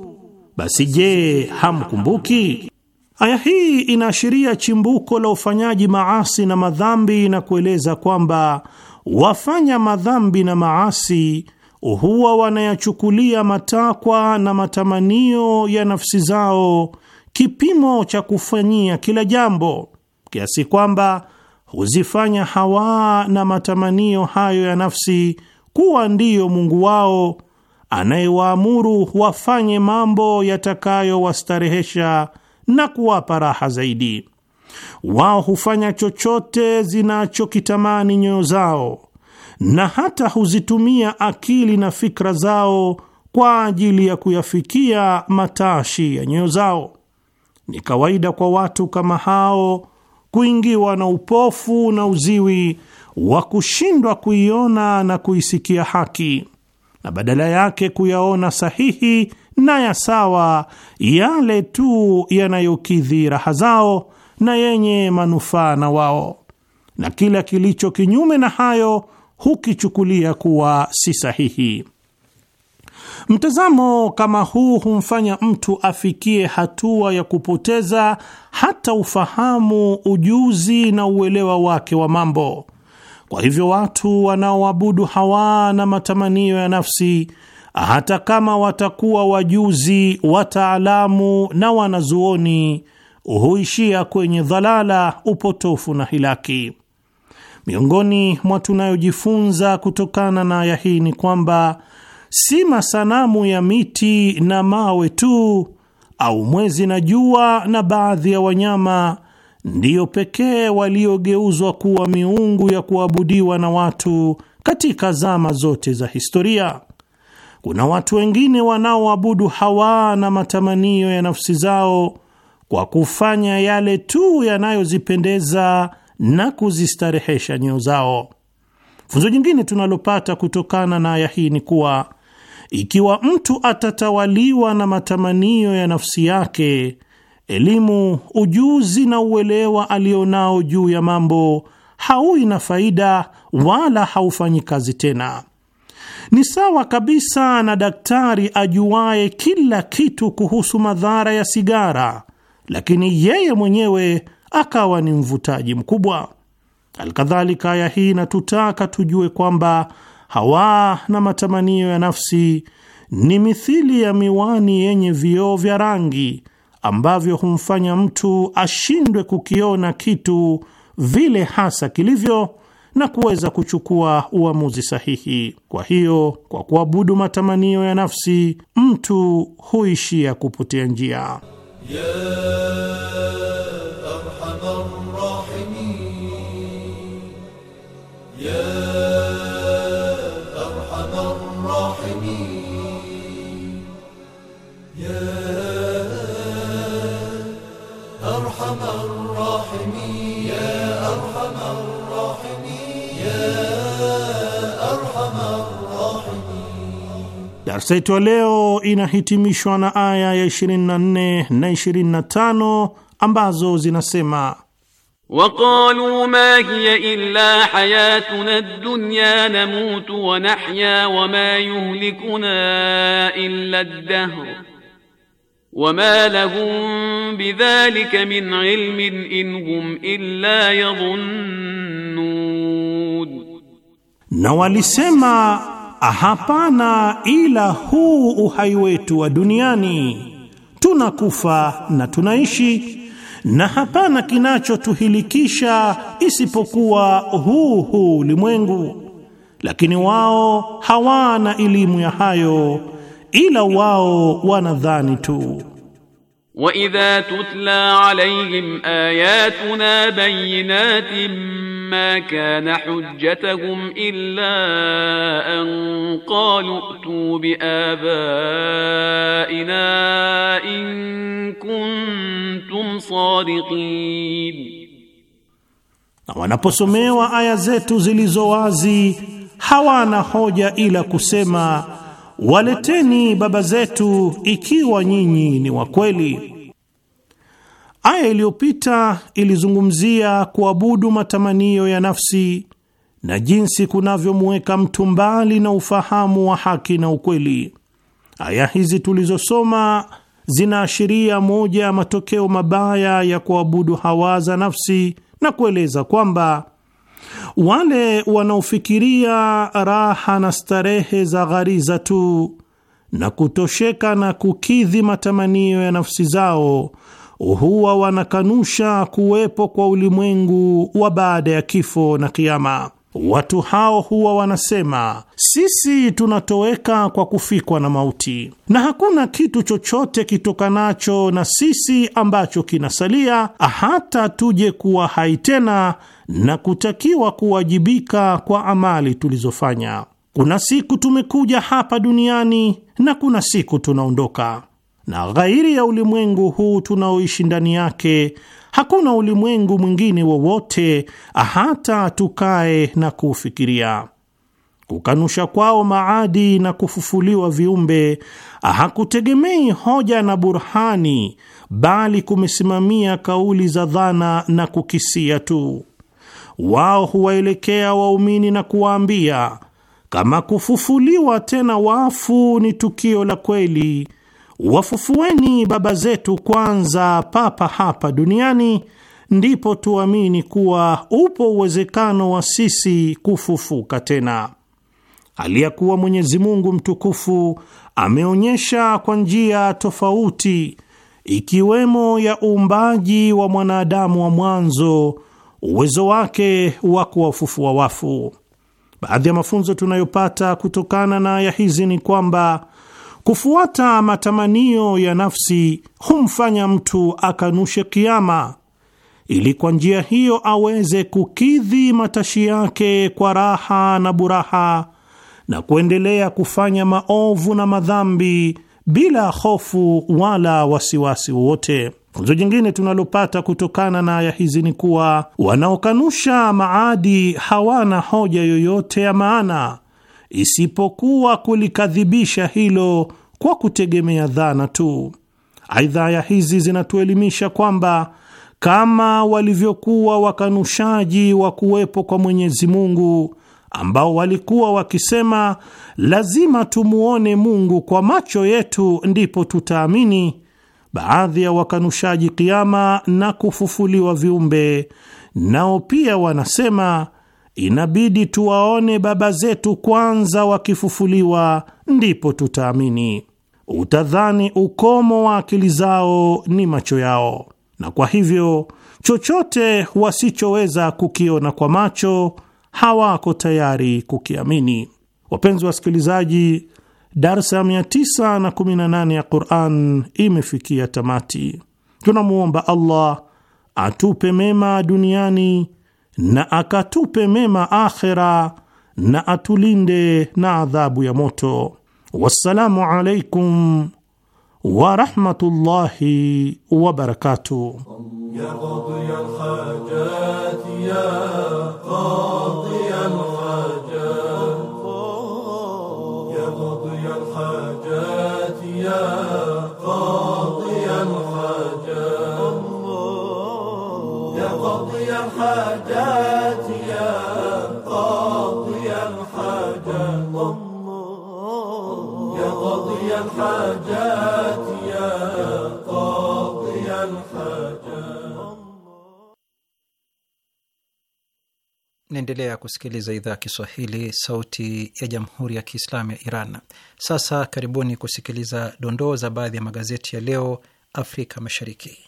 B: Basi je, hamkumbuki? Aya hii inaashiria chimbuko la ufanyaji maasi na madhambi na kueleza kwamba wafanya madhambi na maasi huwa wanayachukulia matakwa na matamanio ya nafsi zao kipimo cha kufanyia kila jambo, kiasi kwamba huzifanya hawa na matamanio hayo ya nafsi kuwa ndiyo Mungu wao anayewaamuru wafanye mambo yatakayowastarehesha na kuwapa raha zaidi. Wao hufanya chochote zinachokitamani nyoyo zao na hata huzitumia akili na fikra zao kwa ajili ya kuyafikia matashi ya nyoyo zao. Ni kawaida kwa watu kama hao kuingiwa na upofu na uziwi wa kushindwa kuiona na kuisikia haki na badala yake kuyaona sahihi na ya sawa yale tu yanayokidhi raha zao na yenye manufaa na wao, na kila kilicho kinyume na hayo hukichukulia kuwa si sahihi. Mtazamo kama huu humfanya mtu afikie hatua ya kupoteza hata ufahamu, ujuzi na uelewa wake wa mambo. Kwa hivyo watu wanaoabudu hawa na matamanio ya nafsi, hata kama watakuwa wajuzi, wataalamu na wanazuoni, huishia kwenye dhalala, upotofu na hilaki. Miongoni mwa tunayojifunza kutokana na aya hii ni kwamba si masanamu ya miti na mawe tu au mwezi na jua na baadhi ya wanyama ndiyo pekee waliogeuzwa kuwa miungu ya kuabudiwa na watu katika zama zote za historia. Kuna watu wengine wanaoabudu hawa na matamanio ya nafsi zao kwa kufanya yale tu yanayozipendeza na kuzistarehesha nyeo zao. Funzo jingine tunalopata kutokana na aya hii ni kuwa ikiwa mtu atatawaliwa na matamanio ya nafsi yake, elimu, ujuzi na uelewa alionao juu ya mambo haui na faida wala haufanyi kazi tena. Ni sawa kabisa na daktari ajuaye kila kitu kuhusu madhara ya sigara, lakini yeye mwenyewe akawa ni mvutaji mkubwa. Alkadhalika, aya hii inatutaka tujue kwamba Hawa na matamanio ya nafsi ni mithili ya miwani yenye vioo vya rangi ambavyo humfanya mtu ashindwe kukiona kitu vile hasa kilivyo na kuweza kuchukua uamuzi sahihi. Kwa hiyo, kwa kuabudu matamanio ya nafsi, mtu huishia kupotea njia yeah. Darsa yetu ya leo inahitimishwa na aya ya 24 na 25 ambazo zinasema Waqalu
D: ma hiya illa hayatuna ad-dunya namutu wa nahya wa ma yuhlikuna illa ad-dahr wa ma lahum bidhalika min ilmin in hum illa yadhunnun,
B: na walisema hapana ila huu uhai wetu wa duniani, tunakufa na tunaishi, na hapana kinachotuhilikisha isipokuwa huu huu ulimwengu. Lakini wao hawana elimu ya hayo, ila wao wanadhani tu.
D: wa idha tutla alayhim ayatuna bayinatin ما كان حجتهم إلا أن قالوا ائتوا بآبائنا إن kuntum sadiqin.
B: Na wanaposomewa aya zetu zilizo wazi hawana hoja ila kusema waleteni baba zetu, ikiwa nyinyi ni wa kweli. Aya iliyopita ilizungumzia kuabudu matamanio ya nafsi na jinsi kunavyomuweka mtu mbali na ufahamu wa haki na ukweli. Aya hizi tulizosoma zinaashiria moja ya matokeo mabaya ya kuabudu hawa za nafsi na kueleza kwamba wale wanaofikiria raha na starehe za ghariza tu na kutosheka na kukidhi matamanio ya nafsi zao huwa wanakanusha kuwepo kwa ulimwengu wa baada ya kifo na kiama. Watu hao huwa wanasema sisi tunatoweka kwa kufikwa na mauti, na hakuna kitu chochote kitokanacho na sisi ambacho kinasalia, hata tuje kuwa hai tena na kutakiwa kuwajibika kwa amali tulizofanya. Kuna siku tumekuja hapa duniani na kuna siku tunaondoka na ghairi ya ulimwengu huu tunaoishi ndani yake hakuna ulimwengu mwingine wowote hata tukae na kuufikiria. Kukanusha kwao maadi na kufufuliwa viumbe hakutegemei hoja na burhani, bali kumesimamia kauli za dhana na kukisia tu. Wao huwaelekea waumini na kuwaambia, kama kufufuliwa tena wafu ni tukio la kweli wafufueni baba zetu kwanza papa hapa duniani, ndipo tuamini kuwa upo uwezekano wa sisi kufufuka tena. Aliyekuwa Mwenyezi Mungu mtukufu ameonyesha kwa njia tofauti, ikiwemo ya uumbaji wa mwanadamu wa mwanzo, uwezo wake wa kuwafufua wafu. Baadhi ya mafunzo tunayopata kutokana na aya hizi ni kwamba Kufuata matamanio ya nafsi humfanya mtu akanushe kiama, ili kwa njia hiyo aweze kukidhi matashi yake kwa raha na buraha na kuendelea kufanya maovu na madhambi bila hofu wala wasiwasi wowote. Funzo jingine tunalopata kutokana na aya hizi ni kuwa wanaokanusha maadi hawana hoja yoyote ya maana isipokuwa kulikadhibisha hilo kwa kutegemea dhana tu. Aidha, aya hizi zinatuelimisha kwamba kama walivyokuwa wakanushaji wa kuwepo kwa Mwenyezi Mungu ambao walikuwa wakisema lazima tumuone Mungu kwa macho yetu ndipo tutaamini, baadhi ya wakanushaji kiama na kufufuliwa viumbe nao pia wanasema inabidi tuwaone baba zetu kwanza wakifufuliwa, ndipo tutaamini. Utadhani ukomo wa akili zao ni macho yao, na kwa hivyo chochote wasichoweza kukiona kwa macho hawako tayari kukiamini. Wapenzi wasikilizaji, darsa ya 918 ya Quran imefikia tamati. Tunamwomba Allah atupe mema duniani na akatupe mema akhera na atulinde na adhabu ya moto. Wassalamu alaikum wa rahmatullahi
C: Naendelea kusikiliza idhaa ya Kiswahili, sauti ya jamhuri ya kiislamu ya Iran. Sasa karibuni kusikiliza dondoo za baadhi ya magazeti ya leo Afrika Mashariki.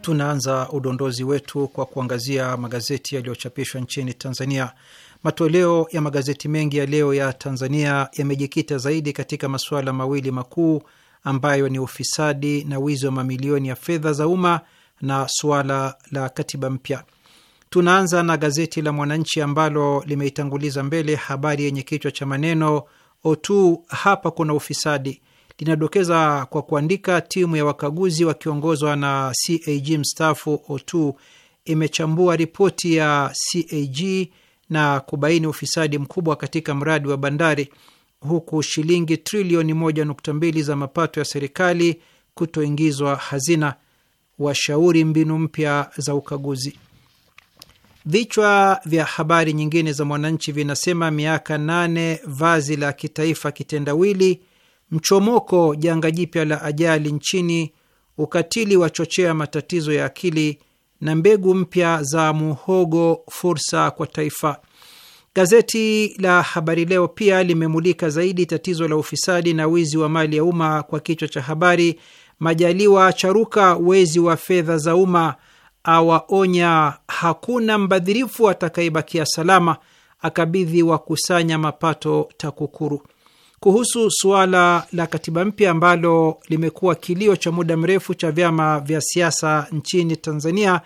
C: Tunaanza udondozi wetu kwa kuangazia magazeti yaliyochapishwa nchini Tanzania. Matoleo ya magazeti mengi ya leo ya Tanzania yamejikita zaidi katika masuala mawili makuu ambayo ni ufisadi na wizi wa mamilioni ya fedha za umma na suala la katiba mpya. Tunaanza na gazeti la Mwananchi ambalo limeitanguliza mbele habari yenye kichwa cha maneno Otu hapa kuna ufisadi. Linadokeza kwa kuandika, timu ya wakaguzi wakiongozwa na CAG mstaafu Otu imechambua ripoti ya CAG na kubaini ufisadi mkubwa katika mradi wa bandari, huku shilingi trilioni 1.2 za mapato ya serikali kutoingizwa hazina. Washauri mbinu mpya za ukaguzi. Vichwa vya habari nyingine za Mwananchi vinasema: miaka nane vazi la kitaifa kitendawili, mchomoko janga jipya la ajali nchini, ukatili wachochea matatizo ya akili na mbegu mpya za muhogo, fursa kwa taifa. Gazeti la Habari Leo pia limemulika zaidi tatizo la ufisadi na wizi wa mali ya umma kwa kichwa cha habari, Majaliwa charuka wezi wa fedha za umma, awaonya hakuna mbadhirifu atakayebakia salama, akabidhi wakusanya mapato TAKUKURU kuhusu suala la katiba mpya ambalo limekuwa kilio cha muda mrefu cha vyama vya siasa nchini Tanzania,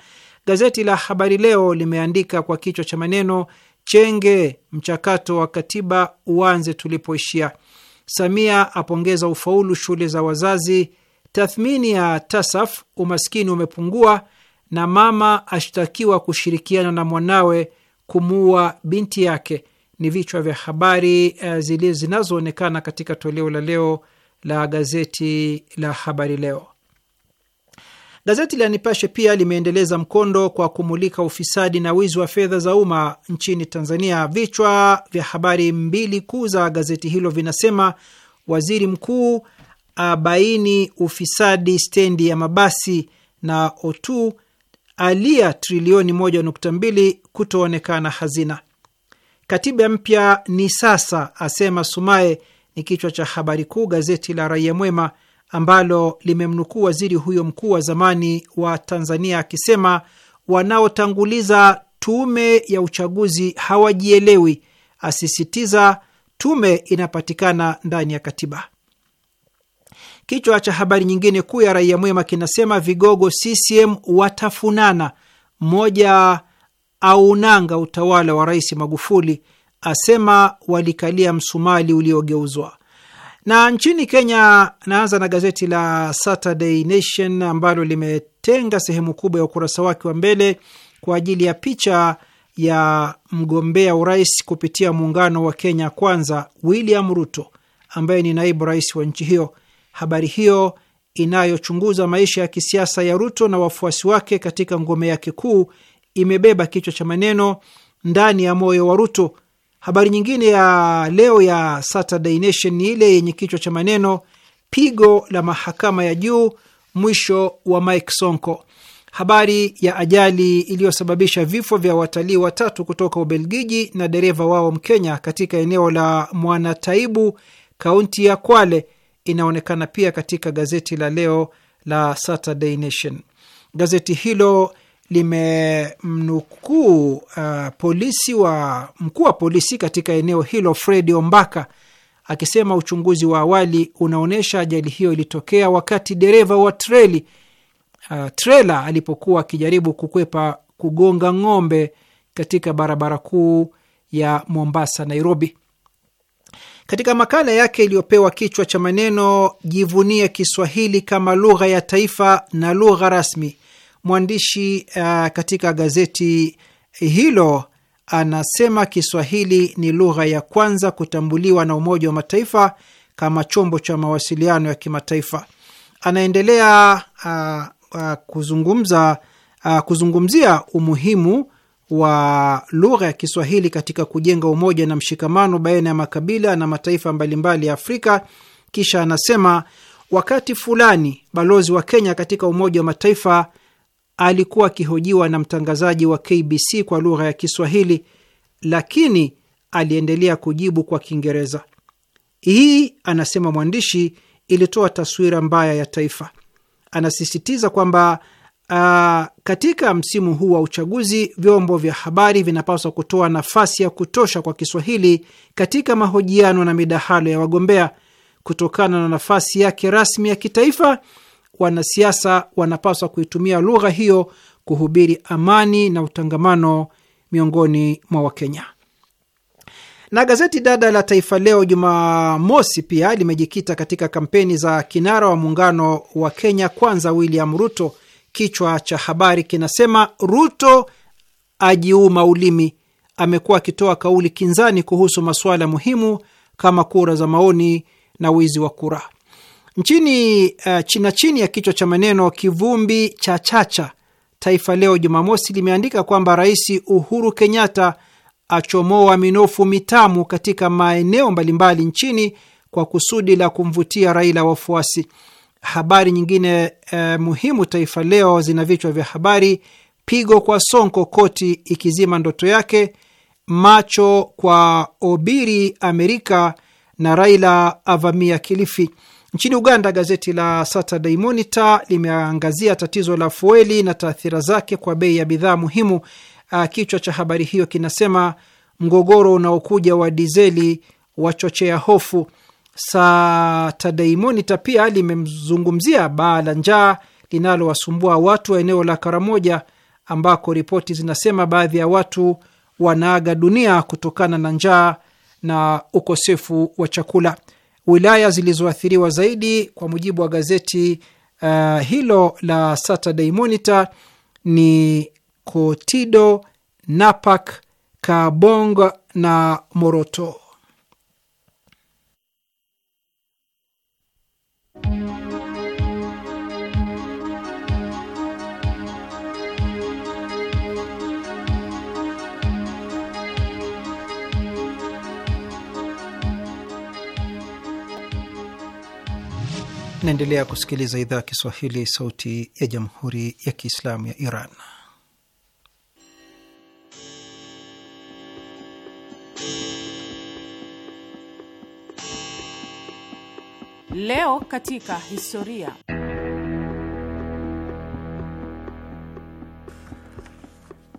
C: gazeti la Habari Leo limeandika kwa kichwa cha maneno Chenge, mchakato wa katiba uanze tulipoishia. Samia apongeza ufaulu shule za wazazi. Tathmini ya TASAF, umaskini umepungua. Na mama ashtakiwa kushirikiana na mwanawe kumuua binti yake ni vichwa vya habari uh, zinazoonekana katika toleo la leo la gazeti la Habari Leo. Gazeti la Nipashe pia limeendeleza mkondo kwa kumulika ufisadi na wizi wa fedha za umma nchini Tanzania. Vichwa vya habari mbili kuu za gazeti hilo vinasema: waziri mkuu abaini ufisadi stendi ya mabasi, na Otu alia trilioni 1.2 kutoonekana hazina. Katiba mpya ni sasa, asema Sumaye ni kichwa cha habari kuu gazeti la Raia Mwema ambalo limemnukuu waziri huyo mkuu wa zamani wa Tanzania akisema wanaotanguliza tume ya uchaguzi hawajielewi, asisitiza tume inapatikana ndani ya katiba. Kichwa cha habari nyingine kuu ya Raia Mwema kinasema vigogo CCM watafunana, mmoja aunanga utawala wa Rais Magufuli, asema walikalia msumali uliogeuzwa. Na nchini Kenya, naanza na gazeti la Saturday Nation ambalo limetenga sehemu kubwa ya ukurasa wake wa mbele kwa ajili ya picha ya mgombea urais kupitia muungano wa Kenya Kwanza, William Ruto, ambaye ni naibu rais wa nchi hiyo. Habari hiyo inayochunguza maisha ya kisiasa ya Ruto na wafuasi wake katika ngome yake kuu imebeba kichwa cha maneno ndani ya moyo wa Ruto. Habari nyingine ya leo ya Saturday Nation ni ile yenye kichwa cha maneno pigo la mahakama ya juu, mwisho wa Mike Sonko. Habari ya ajali iliyosababisha vifo vya watalii watatu kutoka Ubelgiji na dereva wao Mkenya katika eneo la Mwanataibu, kaunti ya Kwale inaonekana pia katika gazeti la leo la Saturday Nation. Gazeti hilo limemnukuu uh, polisi wa mkuu wa polisi katika eneo hilo Fredi Ombaka akisema uchunguzi wa awali unaonyesha ajali hiyo ilitokea wakati dereva wa treli uh, trela alipokuwa akijaribu kukwepa kugonga ng'ombe katika barabara kuu ya Mombasa Nairobi. Katika makala yake iliyopewa kichwa cha maneno jivunie Kiswahili kama lugha ya taifa na lugha rasmi, mwandishi uh, katika gazeti hilo anasema Kiswahili ni lugha ya kwanza kutambuliwa na Umoja wa Mataifa kama chombo cha mawasiliano ya kimataifa. Anaendelea uh, uh, kuzungumza uh, kuzungumzia umuhimu wa lugha ya Kiswahili katika kujenga umoja na mshikamano baina ya makabila na mataifa mbalimbali ya Afrika. Kisha anasema wakati fulani balozi wa Kenya katika Umoja wa Mataifa alikuwa akihojiwa na mtangazaji wa KBC kwa lugha ya Kiswahili, lakini aliendelea kujibu kwa Kiingereza. Hii, anasema mwandishi, ilitoa taswira mbaya ya taifa. Anasisitiza kwamba Uh, katika msimu huu wa uchaguzi vyombo vya habari vinapaswa kutoa nafasi ya kutosha kwa Kiswahili katika mahojiano na midahalo ya wagombea. Kutokana na nafasi yake rasmi ya kitaifa, wanasiasa wanapaswa kuitumia lugha hiyo kuhubiri amani na utangamano miongoni mwa Wakenya. Na gazeti dada la Taifa Leo Jumamosi pia limejikita katika kampeni za kinara wa muungano wa Kenya Kwanza, William Ruto. Kichwa cha habari kinasema Ruto ajiuma ulimi, amekuwa akitoa kauli kinzani kuhusu masuala muhimu kama kura za maoni na wizi wa kura. Nchini uh, China, chini ya kichwa cha maneno kivumbi cha chacha, Taifa Leo Jumamosi limeandika kwamba Rais Uhuru Kenyatta achomoa minofu mitamu katika maeneo mbalimbali nchini kwa kusudi la kumvutia Raila wafuasi. Habari nyingine eh, muhimu Taifa Leo zina vichwa vya habari: pigo kwa Sonko koti ikizima ndoto yake, macho kwa Obiri Amerika na Raila avamia Kilifi. Nchini Uganda, gazeti la Saturday Monitor limeangazia tatizo la fueli na taathira zake kwa bei ya bidhaa muhimu. Uh, kichwa cha habari hiyo kinasema mgogoro unaokuja wa dizeli wachochea hofu. Saturday Monitor pia limemzungumzia baa la njaa linalowasumbua watu wa eneo la Karamoja ambako ripoti zinasema baadhi ya watu wanaaga dunia kutokana na njaa na ukosefu wa chakula wilaya zilizoathiriwa zaidi kwa mujibu wa gazeti uh, hilo la Saturday Monitor ni Kotido, Napak, Kabong na Moroto. Naendelea kusikiliza idhaa ya Kiswahili, sauti ya jamhuri ya kiislamu ya Iran.
E: Leo katika historia.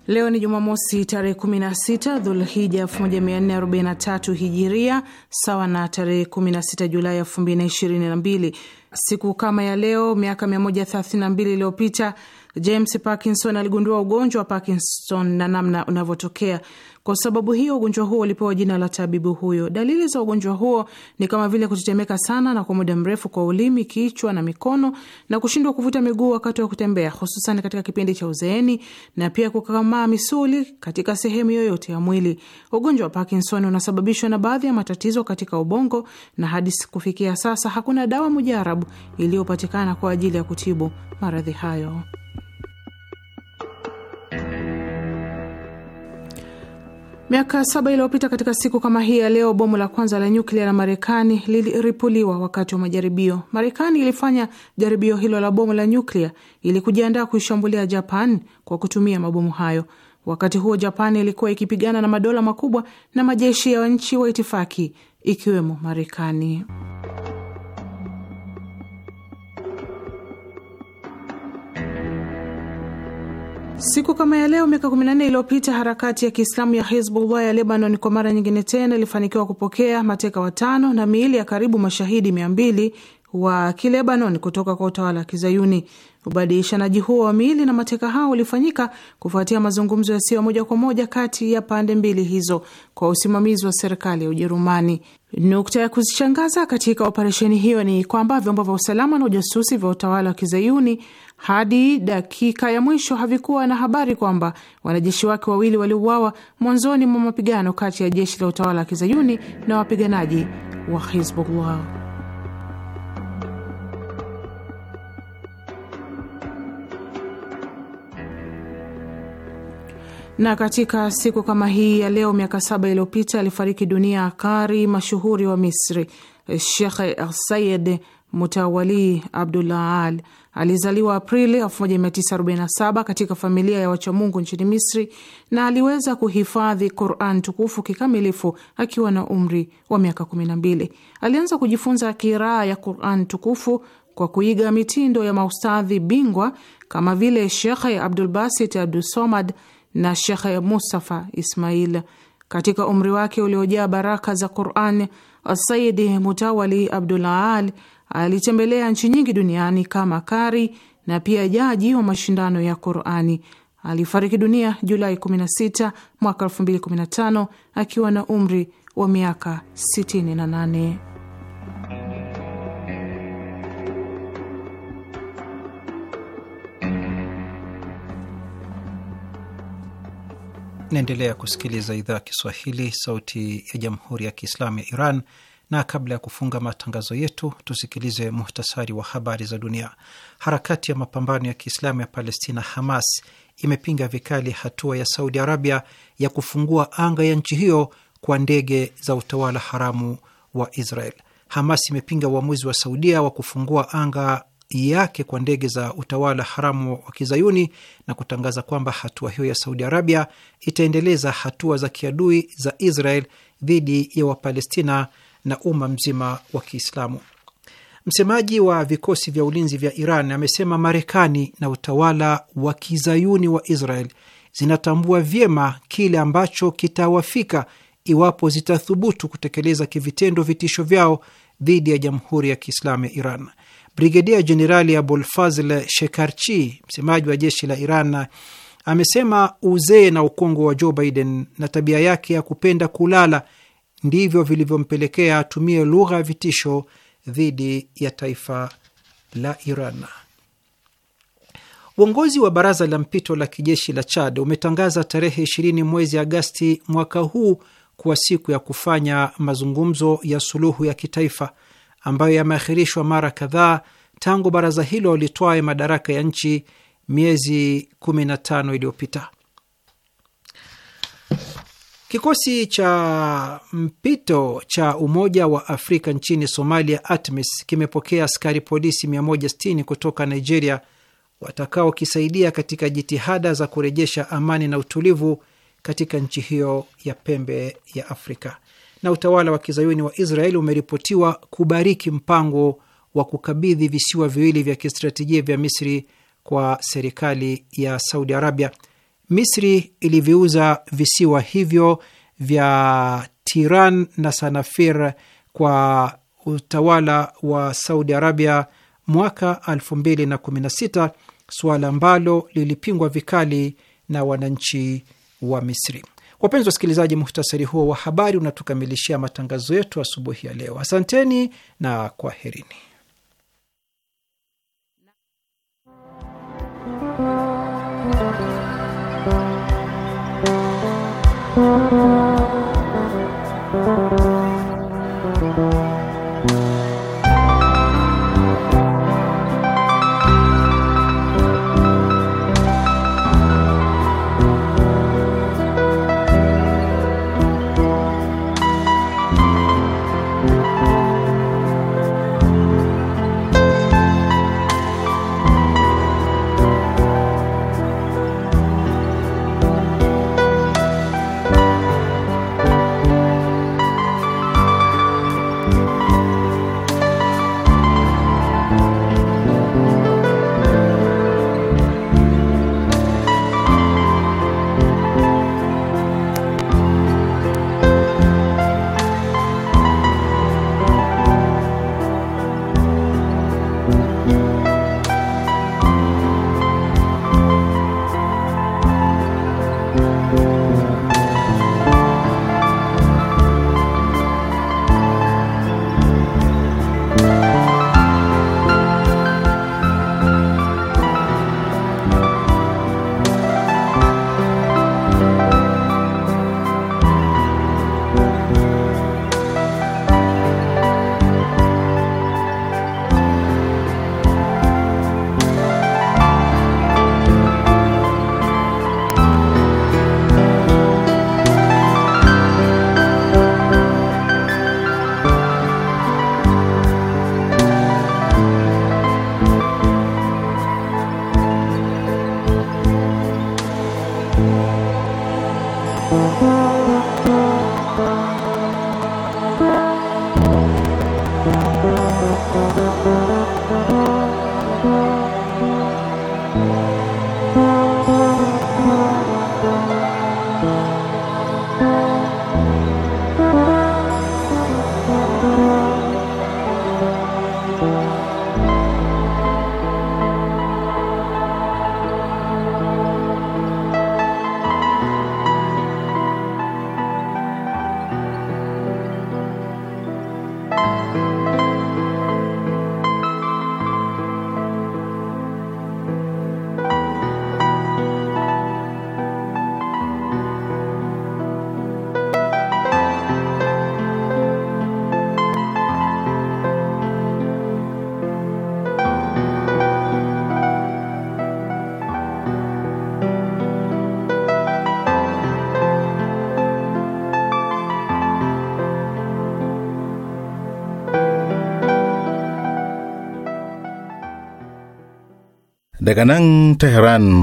E: Leo ni Jumamosi tarehe 16 Dhulhija 1443 Hijiria, sawa na tarehe 16 Julai 2022. Siku kama ya leo miaka 132 iliyopita James Parkinson aligundua ugonjwa wa Parkinson na namna unavyotokea. Kwa sababu hiyo ugonjwa huo ulipewa jina la tabibu huyo. Dalili za ugonjwa huo ni kama vile kutetemeka sana na kwa muda mrefu kwa ulimi, kichwa na mikono, na kushindwa kuvuta miguu wakati wa kutembea, hususan katika kipindi cha uzeeni, na pia kukamaa misuli katika sehemu yoyote ya mwili. Ugonjwa wa Parkinson unasababishwa na baadhi ya matatizo katika ubongo, na hadi kufikia sasa hakuna dawa mujarabu iliyopatikana kwa ajili ya kutibu maradhi hayo. Miaka saba iliyopita katika siku kama hii ya leo, bomu la kwanza la nyuklia la Marekani liliripuliwa wakati wa majaribio. Marekani ilifanya jaribio hilo la bomu la nyuklia ili kujiandaa kuishambulia Japan kwa kutumia mabomu hayo. Wakati huo, Japan ilikuwa ikipigana na madola makubwa na majeshi ya nchi wa itifaki ikiwemo Marekani. Siku kama ya leo miaka 14 iliyopita harakati ya Kiislamu ya Hizbullah ya Lebanon kwa mara nyingine tena ilifanikiwa kupokea mateka watano na miili ya karibu mashahidi 200 wa Kilebanon kutoka kwa utawala wa Kizayuni. Ubadilishanaji huo wa miili na mateka hao ulifanyika kufuatia mazungumzo yasiyo moja kwa moja kati ya pande mbili hizo kwa usimamizi wa serikali ya Ujerumani. Nukta ya kuzishangaza katika operesheni hiyo ni kwamba vyombo vya usalama na ujasusi vya utawala wa kizayuni hadi dakika ya mwisho havikuwa na habari kwamba wanajeshi wake wawili waliuawa mwanzoni mwa mapigano kati ya jeshi la utawala wa kizayuni na wapiganaji wa Hizbullah. Na katika siku kama hii ya leo miaka saba iliyopita alifariki dunia kari mashuhuri wa Misri Shekh Sayed Mutawali Abdullah Al. Alizaliwa Aprili 1947 katika familia ya wachamungu nchini Misri na aliweza kuhifadhi Quran tukufu kikamilifu akiwa na umri wa miaka 12. Alianza kujifunza kiraa ya Quran tukufu kwa kuiga mitindo ya maustadhi bingwa kama vile Shekhe Abdulbasit Abdusomad na Shekhe Mustafa Ismail katika umri wake uliojaa baraka za Quran. Saidi Mutawali Abdulaal alitembelea nchi nyingi duniani kama kari na pia jaji wa mashindano ya Qurani. Alifariki dunia Julai 16 mwaka 2015 akiwa na umri wa miaka 68.
C: Naendelea kusikiliza idhaa ya Kiswahili, sauti ya jamhuri ya kiislamu ya Iran. Na kabla ya kufunga matangazo yetu, tusikilize muhtasari wa habari za dunia. Harakati ya mapambano ya kiislamu ya Palestina, Hamas, imepinga vikali hatua ya Saudi Arabia ya kufungua anga ya nchi hiyo kwa ndege za utawala haramu wa Israel. Hamas imepinga uamuzi wa Saudia wa kufungua anga yake kwa ndege za utawala haramu wa kizayuni na kutangaza kwamba hatua hiyo ya Saudi Arabia itaendeleza hatua za kiadui za Israel dhidi ya Wapalestina na umma mzima wa Kiislamu. Msemaji wa vikosi vya ulinzi vya Iran amesema Marekani na utawala wa kizayuni wa Israel zinatambua vyema kile ambacho kitawafika iwapo zitathubutu kutekeleza kivitendo vitisho vyao dhidi ya Jamhuri ya Kiislamu ya Iran. Brigedia Jenerali Abulfazl Shekarchi, msemaji wa jeshi la Iran, amesema uzee na ukongwe wa Joe Biden na tabia yake ya kupenda kulala ndivyo vilivyompelekea atumie lugha ya vitisho dhidi ya taifa la Iran. Uongozi wa baraza la mpito la kijeshi la Chad umetangaza tarehe 20 mwezi Agasti mwaka huu kuwa siku ya kufanya mazungumzo ya suluhu ya kitaifa ambayo yameahirishwa mara kadhaa tangu baraza hilo litwae madaraka ya nchi miezi 15 iliyopita. Kikosi cha mpito cha Umoja wa Afrika nchini Somalia, ATMIS, kimepokea askari polisi 160 kutoka Nigeria watakaokisaidia katika jitihada za kurejesha amani na utulivu katika nchi hiyo ya pembe ya Afrika na utawala wa kizayuni wa Israeli umeripotiwa kubariki mpango wa kukabidhi visiwa viwili vya kistratejia vya Misri kwa serikali ya Saudi Arabia. Misri iliviuza visiwa hivyo vya Tiran na Sanafir kwa utawala wa Saudi Arabia mwaka 2016, suala ambalo lilipingwa vikali na wananchi wa Misri. Wapenzi wasikilizaji, muhtasari huo wa habari unatukamilishia matangazo yetu asubuhi ya leo. Asanteni na kwaherini.
F: Daga nan Tehran